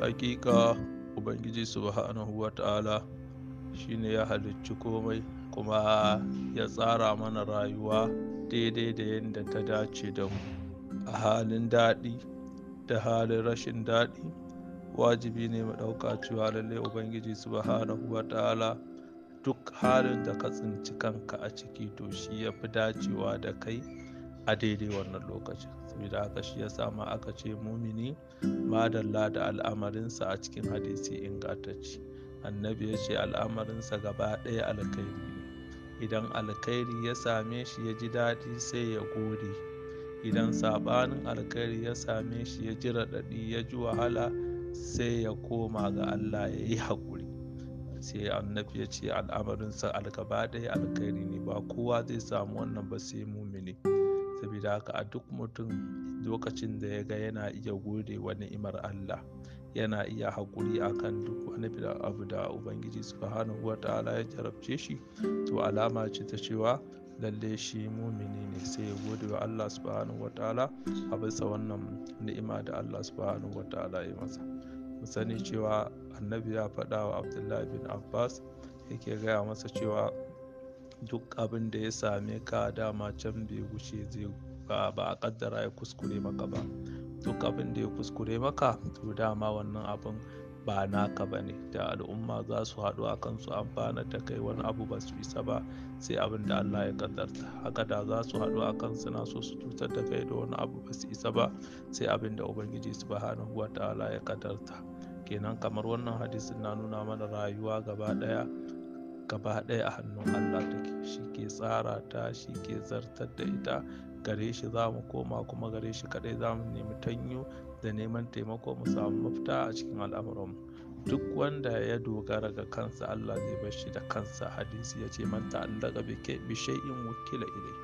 hakika ubangiji subhanahu wa ta'ala shi ne ya halicci komai kuma ya tsara mana rayuwa daidai da yadda ta dace da mu a halin daɗi da halin rashin daɗi wajibi ne mu ɗauka cewa lallai ubangiji subhanahu wa ta'ala duk halin da ka tsinci kanka a ciki to shi ya fi dacewa da kai a daidai wannan lokacin saboda haka shi ya sama aka ce mumini madalla da al'amarinsa a cikin hadisi ingantacce annabi ya ce al'amarinsa gaba ɗaya alkhairi ne idan alkhairi ya same shi ya ji daɗi sai ya gode idan saɓanin alkhairi ya same shi ya ji raɗaɗi ya ji wahala sai ya koma ga allah ya yi haƙuri sai annabi ya ce al'amarinsa algaba ɗaya alkhairi ne ba kowa zai samu wannan ba sai mumini saboda haka a duk mutum lokacin da ya ga yana iya gode wa ni'imar Allah yana iya haƙuri akan duk wani abu da ubangiji subhanahu wa ta'ala ya jarabce shi to alama ce ta cewa lalle shi mumini ne sai ya gode wa Allah subhanahu ta'ala a bisa wannan ni'ima da Allah subhanahu ta'ala ya masa mu sani cewa annabi ya faɗa wa Abdullahi bin Abbas yake gaya masa cewa duk abin da ya same ka dama can bai wuce zai ba a kaddara ya kuskure maka ba duk abin da ya kuskure maka to dama wannan abin ba naka ba ne da al'umma za su haɗu a kansu amfana da kai wani abu ba su isa ba sai abin da allah ya kaddarta haka da za su haɗu a kansu na so su cutar da kai da wani abu ba su isa ba sai abin da ubangiji su subhanahu wa ta'ala ya kaddarta kenan kamar wannan hadisin na nuna mana rayuwa gaba ɗaya gaba ɗaya a hannun Allah take shi ke tsara ta shi ke zartar da ita gare shi za mu koma kuma gare shi kaɗai za mu nemi tanyo da neman taimako mu samu mafita a cikin al'amuranmu duk wanda ya dogara ga kansa Allah zai bar shi da kansa hadisi ya ce man ta'allaka bi shay'in wukila ilai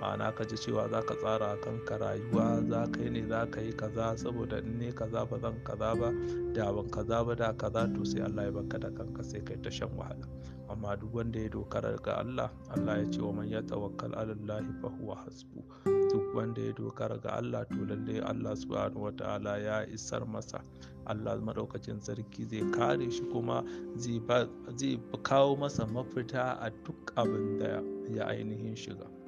ma'ana ka ji cewa za ka tsara kanka rayuwa za ka yi ne za ka yi kaza saboda in ne kaza ba zan kaza ba da ban kaza ba da kaza to sai Allah ya baka da kanka sai kai ta shan wahala amma duk wanda ya dokara ga Allah Allah ya ce wa man yatawakkal ala Allah fa huwa hasbu duk wanda ya dokara ga Allah to lalle Allah subhanahu wataala ya isar masa Allah madaukakin sarki zai kare shi kuma zai kawo masa mafita a duk abinda ya ainihin shiga